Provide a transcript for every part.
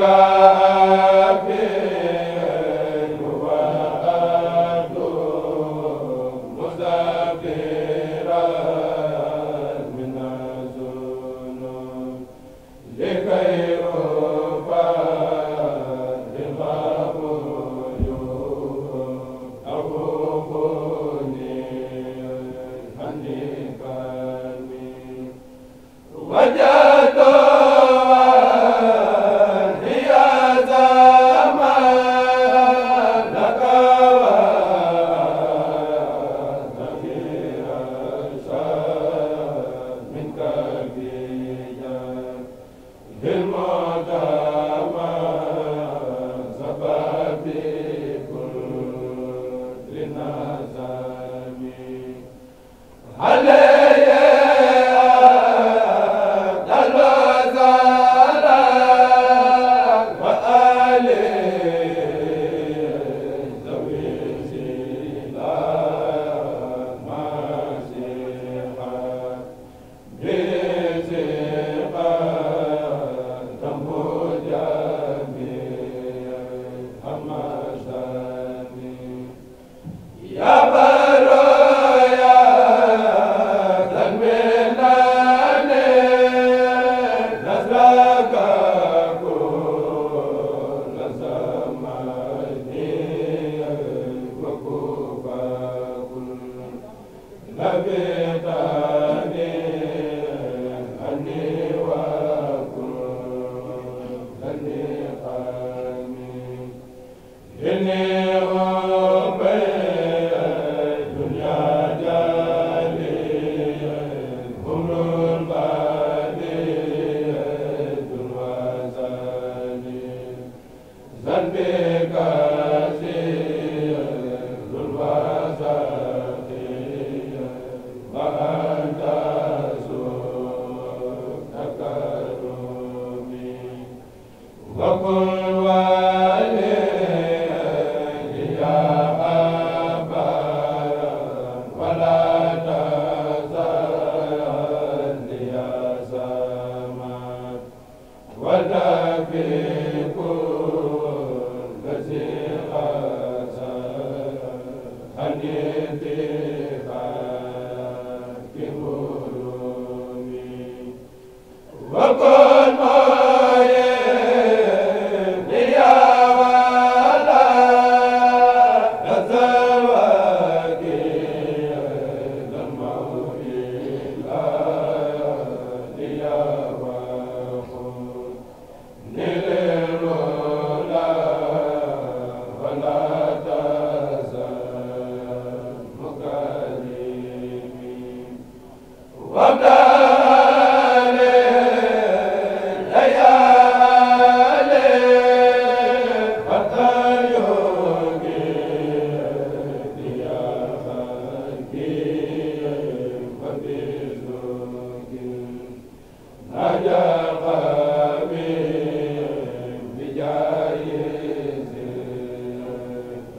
ka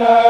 na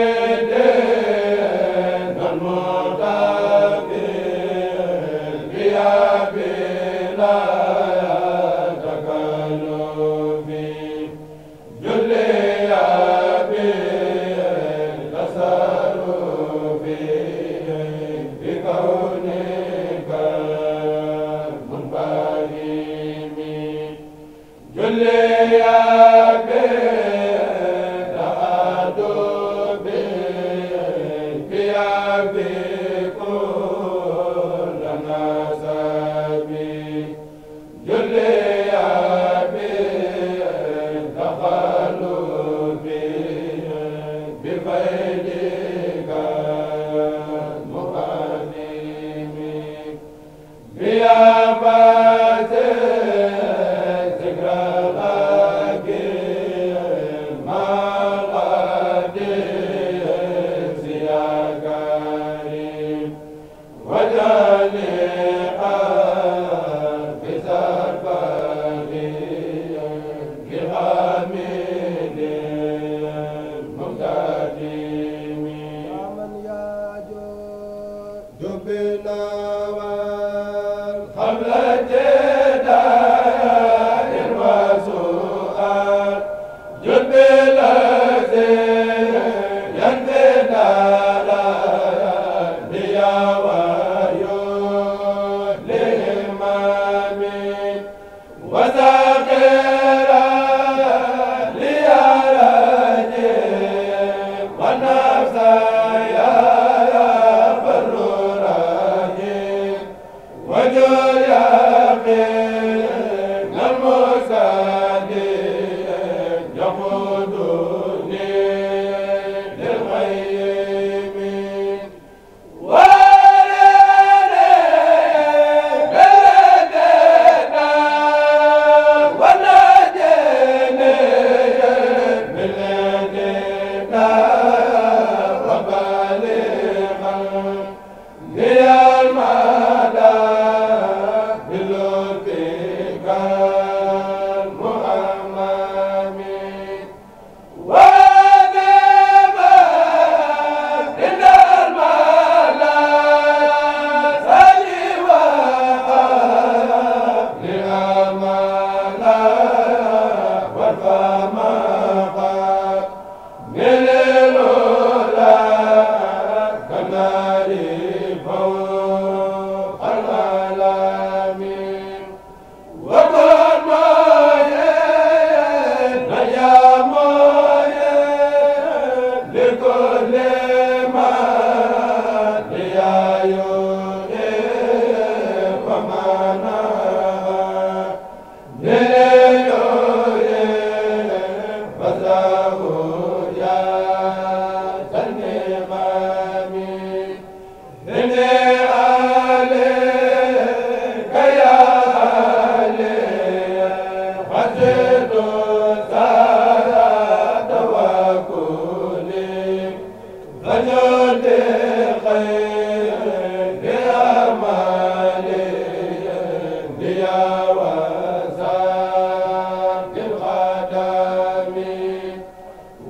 Amen.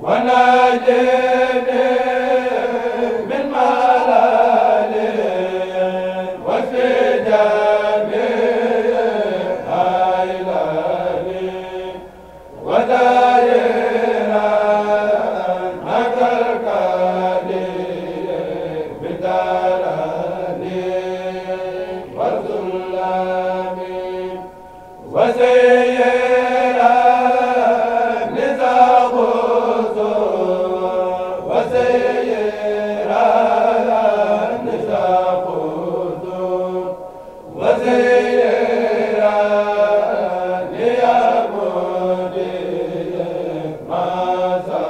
wana de a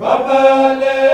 Baba le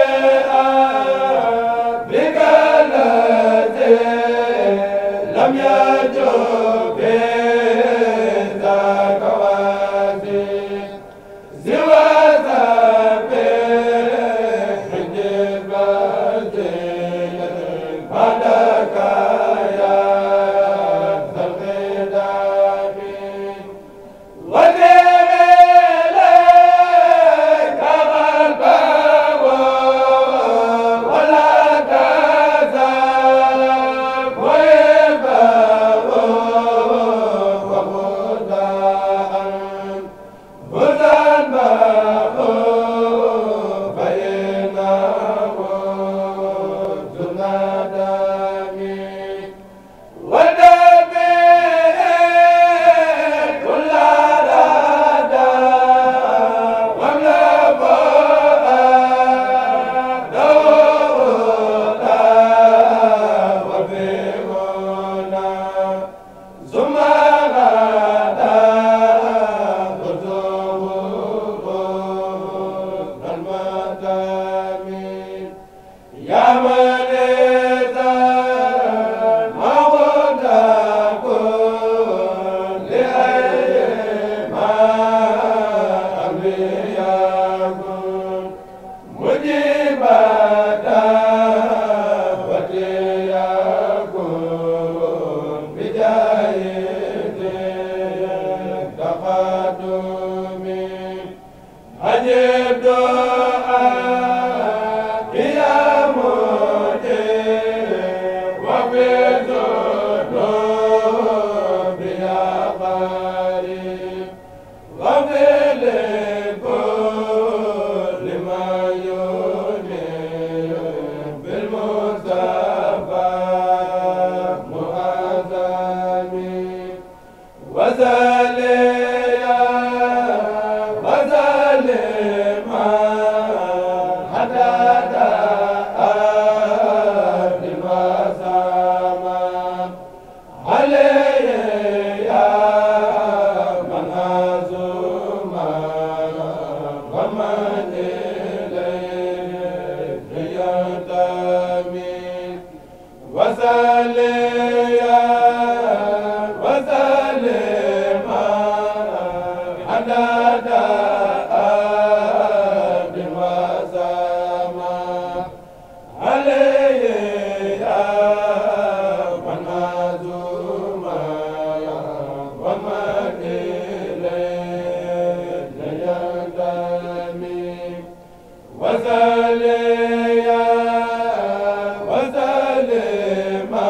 ma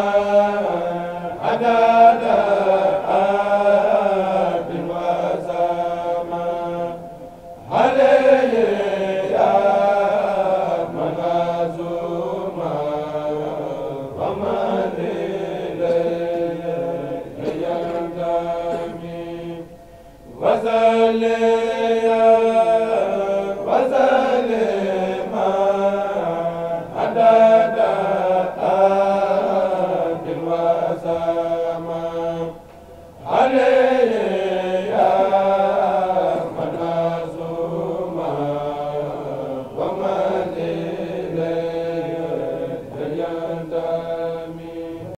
ada